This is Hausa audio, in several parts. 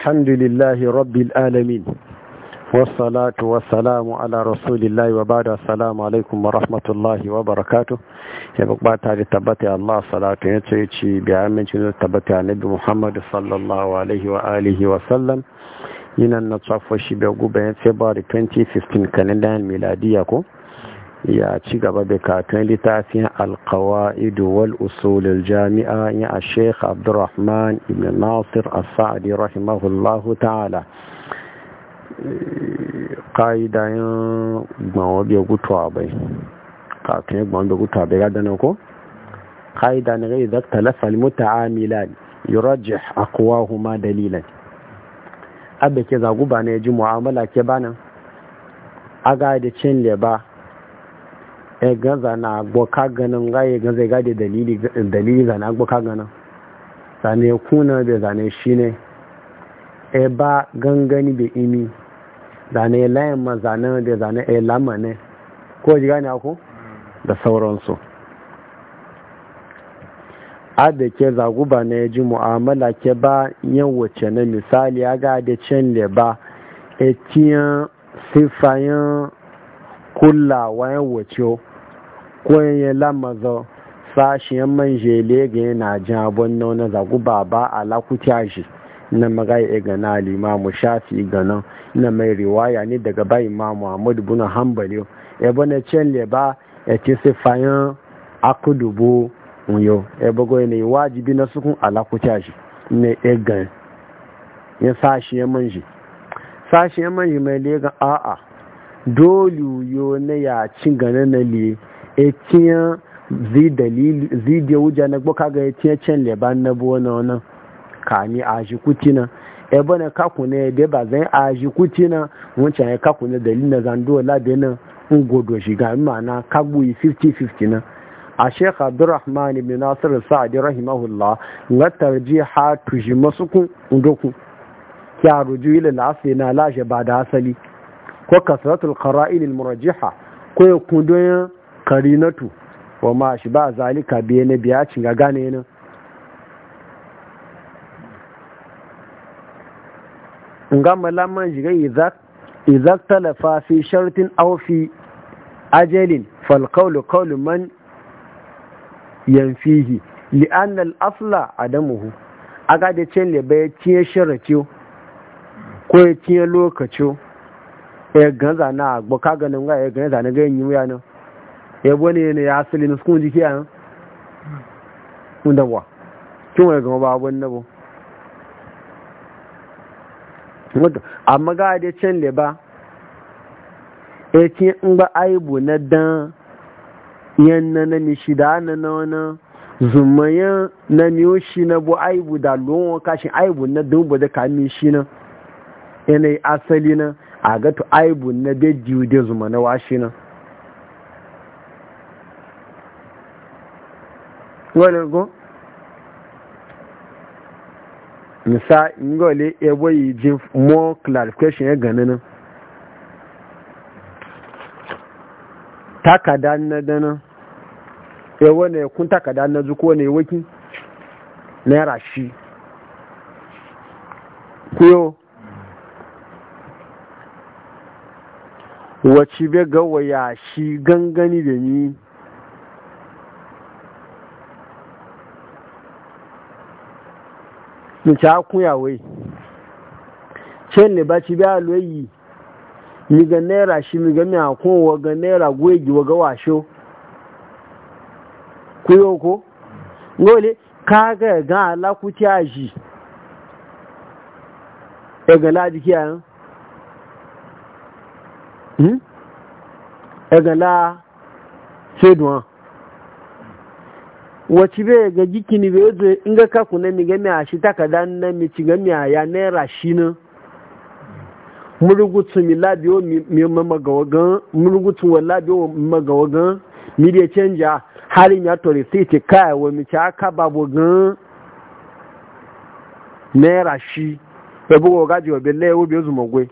الحمد لله رب العالمين والصلاة والسلام على رسول الله وبعد السلام عليكم ورحمة الله وبركاته يبقى تاري تبتي الله صلاة يتشي بعمل تبتي عن نبي محمد صلى الله عليه وآله وسلم ينا نتصفى شبه قبعين فبراير 2015 كالندان ميلادية ya ci gaba da katon littafin alkawa'idu wal usulul jami'a ya a sheikh abdurrahman ibn nasir as-sa'adi rahimahullahu ta'ala ƙa'idayen gbọ̀nwọ́ bí ogútọ̀ àbẹ̀ kàkín gbọ̀nwọ́ bí bai àbẹ̀ gádánà kó ƙa'ida na gai zakta lafal muta amila yurajih huma dalilan abin ke ba na ya ji mu'amala ke a ga da cin leba ya e, zana na agboka ganin e ga ya gaza ga dalili zana agboka ganin zane kuna da zane shi ne e ba gangani da imi zane layan ma zane da zane e lama ne ko ji gane ako da sauransu a da ke zaguba na ya ji mu'amala ke ba yan wace na misali ya ga da can le ba etiyan sifayen kulawa yan wace koyan lamazo sashiyan man jele ga yana jin abun nan na zagu baba ala kutashi na magayi e ga na limamu shafi ga na mai riwaya ne daga bai imamu ahmad bin hanbali ya e bane cen le ba ya e ce sifayin akudubu unyo Ebo bago ne wajibi na sukun ala kutashi ne egan ya sashiyan man jele sashiyan man jele mai lega a'a dole yo ne ya cin ganin na liye etiyan zi dalili zi da wuja na gbo ga etiyan cen leban na bo na ka ni a shi kuti na ebe na kaku ne da ba zai a shi na wancan ya e kaku ne dalilin na zando labe na ngodo shiga ma'ana kagbo 50-50 na a sheikh abdurrahman ibn nasir sa'adi rahimahullah na tarjiha tuji masukun ndoku ya ruju ila la'asli na lashe ba da asali ko kasratul qara'il al-murajjiha ko e ya kundoyan karinatu wa ma shi ba zalika biye na biya cin ga gane nan ga malaman shiga izak izak talafa fi shartin aufi ajalin fal kaulu man yanfihi li asla adamuhu aga da cin le bai tiye ko ya tiye lokaci ya ganza na agbo ka ganin ga ya ganza na ga nan yabo ne ne ya asali na sukun jiki a nan dabuwa kin wani gama ba abuwan dabo amma ga da can da ba ya eh, ce in ba aibu na dan yanna na da na na wani zumayen na miyoshi na bu aibu da lowon kashin aibu na dubu da kamin shi na yanayi asali na a gato aibu na jiwu da zuma wa washi na wani go nisa ngole ebo yi jin more clarification ya gane nan takada na dana ewo ne kun takada na zuko ne waki naira shi kuyo wacce bai ga ya shi gangani da ni nke akúnyàwó yìí ṣe ní bá ti bí àlọ́ miga naira shi miga mi akun waga naira gwegi waga washo kuyo ko ngole kaga ga ala kuti aji e ga ladi kiyan hmm e ga wace bai ga gikini bai zo in ga kaku na mi gami a shi takada na mi ci gami a ya naira shi nan murugutu mi labiyo mi magawagan murugutu wa labiyo magawagan mi da canja halin ya tori sai ce kaya wa mi ci aka babu gan naira shi ya buga gaji wa bella ya wobe zuma gwe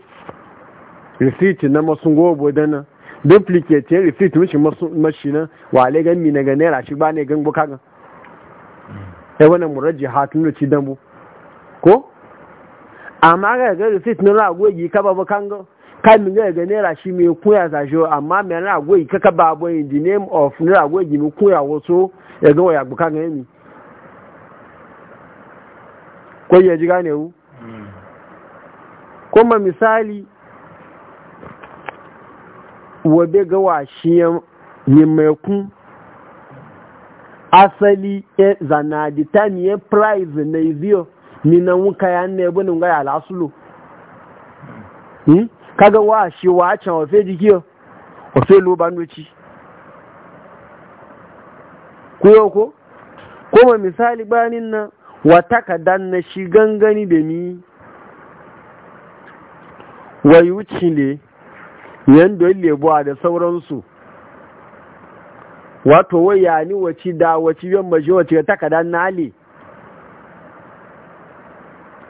receipt na masu gobo dana duplicate receipt mishi mashi na wa ale gan mi na ga naira shi ba ne gan buka gan ya wani muraji hatun da ci dambu ko amma ga ga receipt na agogi ka ba kan ga ga naira shi mai kuya sa amma mai na agogi ka ba in the name of na mai kuya ya ga waya buka ga ni ko ya ji gane wu kuma misali wabe ga mai asali e zana di time ye prize na iziyo ni na wuka ya na ebo ni ya alasulu hmm? kaga wa shi wa can ofe jikiyo ofe lo bandoci kuyo ko kuma misali banin na wata kadan na shi gangani da ni. mi ne, yadda yi lebuwa da sauransu wato waya ni wace da wace yan maje wace ta takadan nali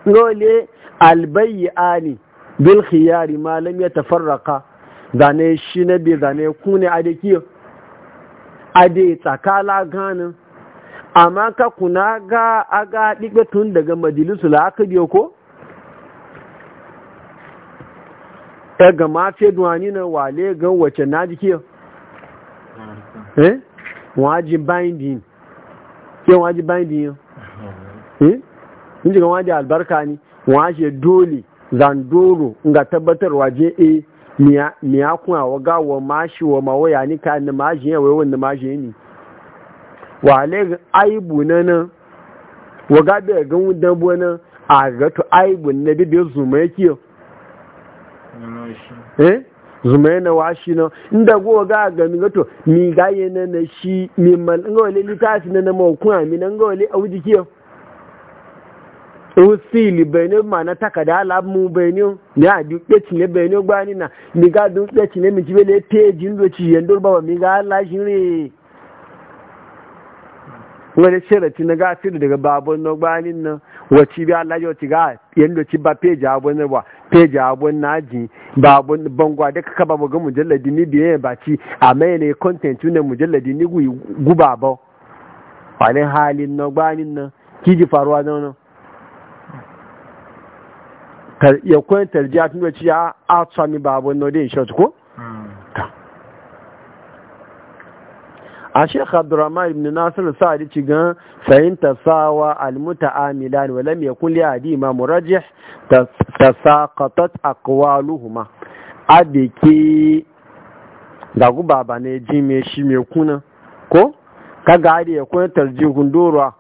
dole albayyani bil khiyari malam ya tafarraka zane shi na bi zane ku ne ade kiyo ade tsakala ganin amma ka kuna ga aga tun daga majalisu la aka biyo ko ta ga mafi duwani na wale ga wace na jikiyar eh binding kí wọ́n á binding eh ní jẹ́ wọ́n albarka ni wọ́n dole zandoro nga tabbatar je eh miya kuna waga wa mashi wa mawaya ni ka na mashi ya wai wanda mashi ne wa alega aibu na nan waga da ga wudan buwana a ga to aibu na bibiyo zuma yake eh zuma na washi na inda go ga ga mi gato mi ga yana na shi mi mal nga wale litafi na na ma ami na nga wale auji kiyo o si li bene ma na takada ala mu bene ni a du pe ti bene gba ni na mi ga du pe ti le mi ti bele page ndo ti yendo ba mi ga la jire wani shirati na gafiru daga babon na gbanin nan wacce bi Allah yau ci ga yadda ci ba feji abin ba peja abun naji ba abun bangwa da kaka ba ga mujalladi ni biye ba a mai ne content ne mujalladi ni guba ba wani halin na gbanin nan kiji faruwa na ya tun da ci a tsami ba abun shot ko a shekh abdurrahman ibn nasir sa'adi ci gan sayin tasawa almuta'amilan wa lam yakun li adi ma murajjih tasaqatat aqwaluhuma adiki da guba ba ne ji me shi me kuna ko Ka ari ya kun gundura wa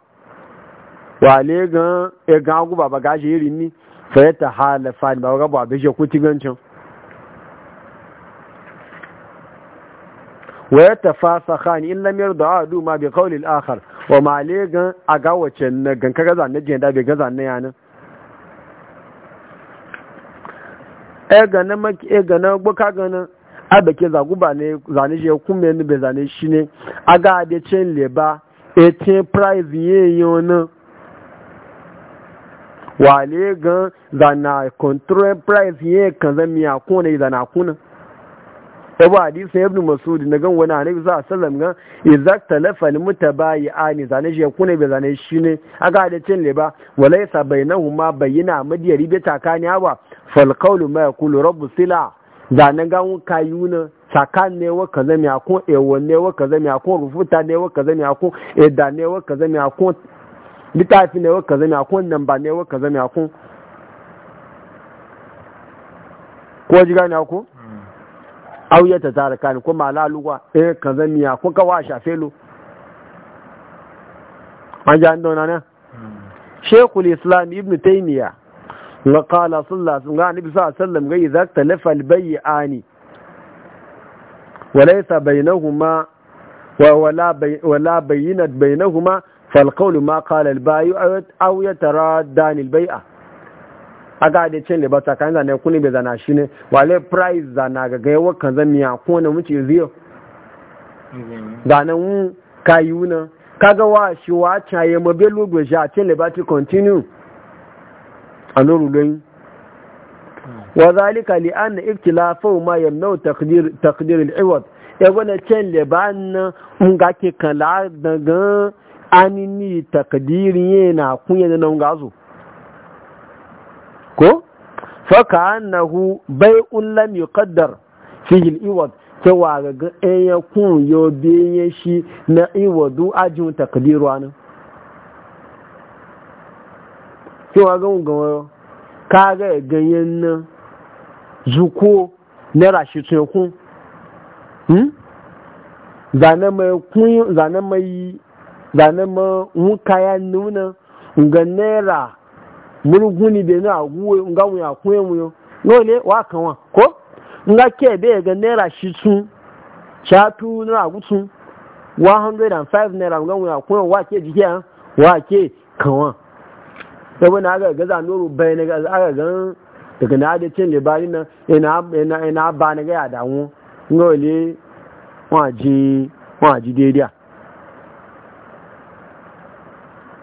wale gan e ga guba ba gashi irin ni fa ta halafa ba ga ba je ku wa ya tafasa khani in lam yarda adu ma bi qawli al-akhar wa ma legan aga wace na gan kaga zan ne da be gaza ne yana e ga na maki e ga na gboka ga na abake zagu ba ne zane je kuma ne be zane shi ne aga ade chen leba e tin price ye yona wa legan zana control price ye kan zan mi akuna zana akuna sabu hadisin ibn masudi na gan wani annabi sallallahu alaihi wasallam gan idza talafa al mutabayi'ani zane shi kuna bai zane shi ne aga da cin leba walaysa bainahuma bayyana madiya ribe takani ba fal qawlu ma yaqulu rabbu sila zane gan kayuna sakan ne wa kaza mi kun ewa ne wa kaza mi kun rufuta ne wa kaza mi kun eda ne wa kaza mi kun litafi ne wa kaza mi kun namba ne wa kaza mi akun ko ji gane akun Auyata ta zaraka kani ko malaluwa eh kan zamiya ko kawa shafe lu an ja an dauna shekul islam ibn taymiya na kala sallah sun ga annabi sallallahu alaihi sallam ga idza talafa al bay'ani wa laysa bainahuma wa wala wala bayinat baynahuma fal qawlu ma qala al bay'u aw yataraddan al bay'a aga da cin bata kan zane kuni bai zana shi ne wale price zana ga gaya kan zan miya ko na mutu ziyo zanen kayu na kaga wa shi wa caye ma bai shi a cin da ti continue a nuru wa zalika li an iftilafu ma yamnau taqdir taqdir al-iwad ya e gwada cin ba na nga ke kala daga anini takdirin yana kunya nan ngazo ko faka annahu bai'un lam yuqaddar fi al-iwad cewa ga ɗan ya kun yo biye shi na iwadu ajin takdiru an cewa ga ga ka ga ganyen nan zuko na rashi tun kun hmm zane mai kun zane mai zane mu mun kaya nuna ga naira murguni bai na aguwe nga mu ya kuwe mu yo wa kanwa ko nga ke be ga naira shi sun chatu na agutun 105 naira nga mu ya kuwe wa ke wa ke na ga gaza nuru bai ga ga daga na da cin na ina ina ina ba na ga ya dawo nole wa ji wa ji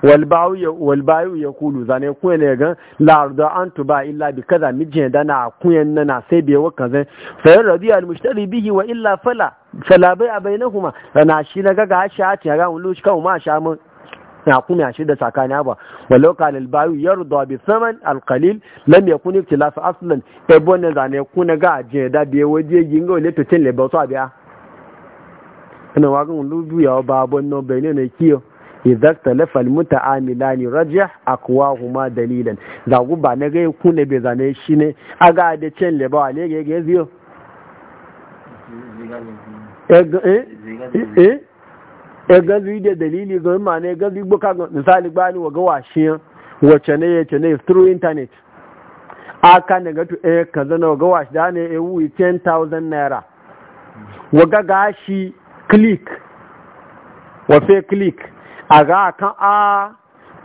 walbayu ya kulu zane kuya ne gan larda an tuba illa bi kaza mijin da na kuyan na na sai bai wakan zai fayar radiya almushtari bihi wa illa fala fala bai a bainahuma na shi na gaga shi a cikin ga lushi kan ma sha mun na kuma shi da sakani ba walau lalbayu ya rudu bi saman alkalil lam yakun ikhtilaf aslan e bonne zane kuna ga je da biya waje gingo ne to tin le ba so abiya ina wagan ya biya ba bonno bai ne ne kiyo idza talafa almutaamilani rajih aqwahuma dalilan da guba na ga ku ne be zane shi ne aga da cin le ba ale ga ga ziyo eh eh eh ga da dalili ga ma ne ga zibo ka misali gbani wa ga washe wacce ne yace ne through internet aka ne ga to eh kaza na ga washi da ne eh wi 10000 naira wa ga gashi click wa fe click a a kan a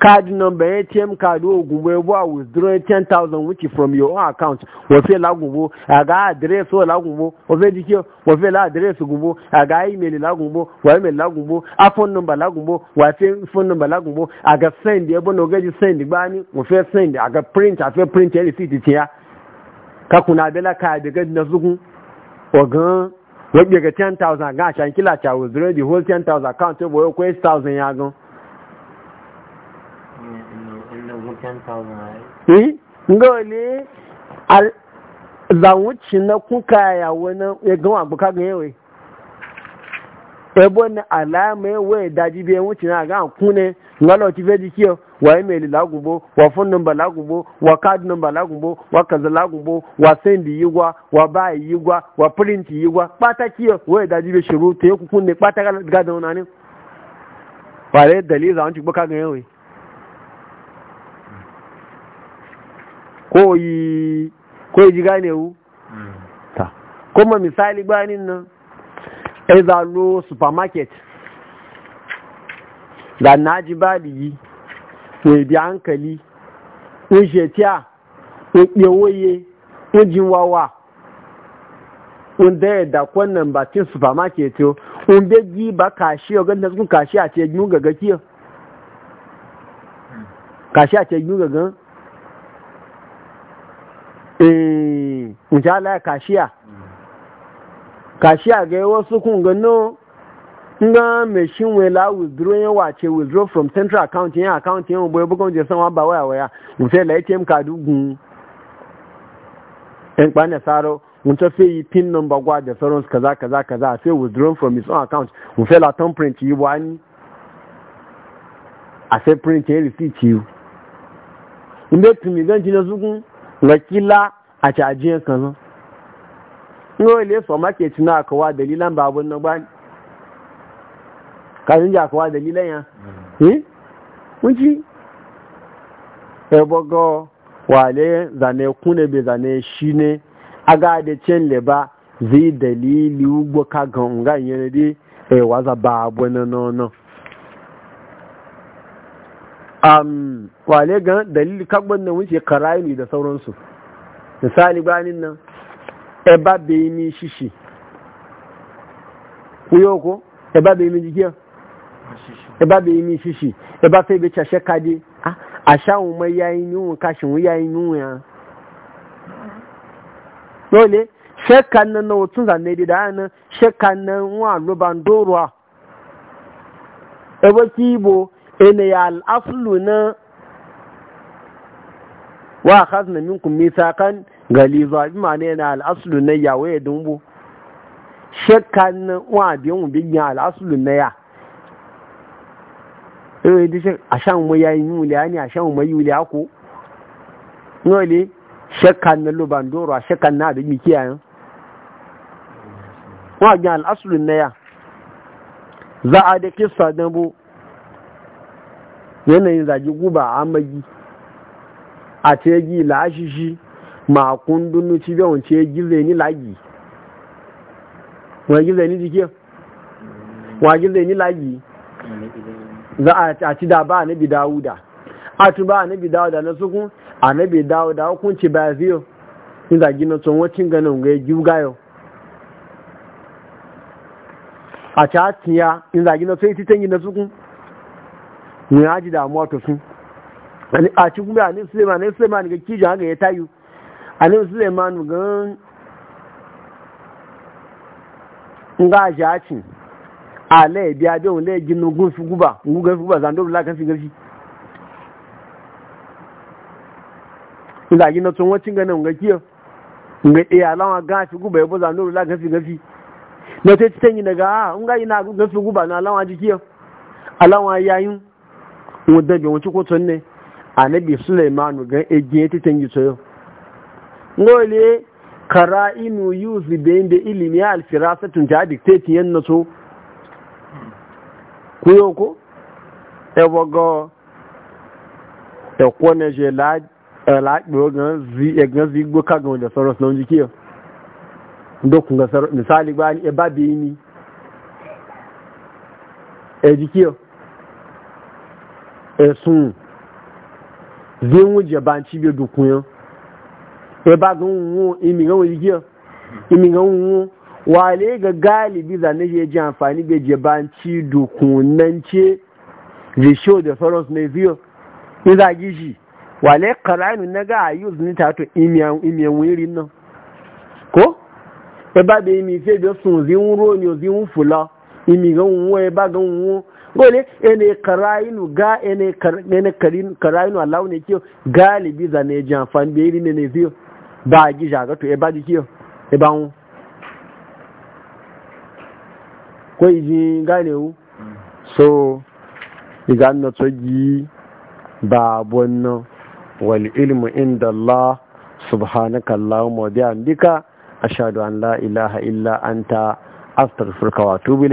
card number atm card ogun wey a withdraw ten thousand which from your own account wọ́n fẹ́ lágùnbó àga àdírẹ́sì wọ́n lágùnbó wọ́n fẹ́ dikẹ́ wọ́n aga lá àdírẹ́sì gùnbó àga email lágùnbó wa email bo a phone number lágùnbó wà fẹ́ phone number bo aga send ẹbọn náà ọgẹ́jì send gbá ní send aga print àfẹ́ print ẹ̀ lè sí ti tiẹ́ kakùnà abẹ́lá káàdì na zugun náà wọ́n ga ten thousand gan aṣa nkílà àṣà was ready ten thousand account tó bọ̀ kó eight thousand yẹn gan. zàwọn náà kún náà àgbọ̀ká gan yẹn wẹ̀. ebo na alama ewe daji bi enwuci na aga kune ngalo ti veji wa email lagumbo wa phone number lagumbo wa card number lagumbo wa kaza lagumbo wa send yigwa wa buy yigwa wa print yigwa pata kiyo we daji bi shuru te ku kunne pata ga ga don nani pare dalil za boka ga gane wu mm. ta kuma misali nan sai za lo supermarket da na ji baligi mai bi hankali in shetiya in ɗewoye in jin wawa in da dakon kwanan bakin supermarket yau in begi ba kashi yau ganin sun kashi a ce yun gaga kiyo kashi a ce yun gaga eh in ja la kashiya kashi a ga wasu kun gano nga machine wey la withdraw yen wa che withdraw from central account yen account yen boy bugon je san wa ba waya waya mo fe la ATM card gun en pa ne saro mo to fe yi pin number gwa de ferons kaza kaza kaza fe withdraw from his own account mo fe la ton print yi wa ni a fe print yen receipt yi inde tumi gan jina zugun la kila a cha kan le so make tuna akawa dalilan babun nan ba ka yin akawa dalilan ya eh mm. kunji e bogo wale zane kune be zane shine aga de chen le ba zi dalili ugbo ka ganga yin de e waza babu nan no no um wale ga dalili kagbon nan wuce karayi da sauransu misali banin nan ẹba bèé ní ṣíṣì kúyọ́ ọkọ́ ẹba bèé ní jíkẹ́ ẹba bèé ní ṣíṣì ẹba fẹ́ bẹ́ ṣàṣẹ́ kadé àṣàwọn ọmọ ya inú ya inú wọn lọ́lẹ̀ na náà náà tún zà nẹ́ẹ̀dẹ̀ dáa náà ṣẹ́ka náà wọn àlọ́bà ibo ènìyàn àfúlù náà wà á kásìnà mí kùn mí zuwa bi ma ne na al'asulu na ya waye dumbo shekka na wa bi mu bi ya al'asulu na ya eh di shek ashan mu ya yin yuli ani ashan mu yuli ako ngoli shekka na lo bandoro shekka na bi mi kiyayen wa ga al'asulu na ya za a da kissa dan bu yanayin zagi guba amagi a tegi la'ashishi ma kundin ci bai wance gizo ni lagi wani gizo ni jikiya wani gizo ni lagi za a ci da ba a nabi dauda a tu ba a nabi dauda na sukun a o. dawuda hukunci ba ziyo in zagi na tsohon ga ganin ga yi gayo a ci hatiya in zagi na tsohon titan na sukun ne ya ji damuwa ta sun a ci kuma a nufsirma na nufsirma ne ga kijin haka ya tayu annabi suleiman gan nga jaci ale biya bi on le ginu gun fi guba gun gan fi zan do la kan fi gafi ila gina tun wacin nga kiyo nga ala wa ga fi ah, guba yabo zan do la kan fi gafi na te tin yi daga nga ina gun fi guba na wa ji kiyo alawa yayin wanda bi won ci ko tonne anabi suleiman gan eje titan yi yo ngole kara'inu yuzi bayin da ilimi ya alfirasatun ta dictating yan so kuyo ko e wogo e kone je la eh, la gbo gan zi e gan e e zi gbo ka gan da soros na onji kiyo ndokun ga sar misali ba ni e ba e zi ba ga wuwo imigan wujiya wale ga galibi zane je ji amfani ga jebanci dukunance risho da soros na biyo in za gi wale karanu na ga ayu zini ta to imiyan wuri nan ko e ba be imi fe do sun zi wuro ni zi un fula ba ga wuwo gole ene karayinu ga ene karayinu alawu ne kiyo galibi zane ji amfani ga iri ne ne biyo ba a gija ga to e ba jiki e ba wọn ko iji gane wu so iga to gi ba wannan wal ilmu inda Allah subhanaka Allahumma wa dika, ashadu an la ilaha illa anta astaghfiruka wa atubu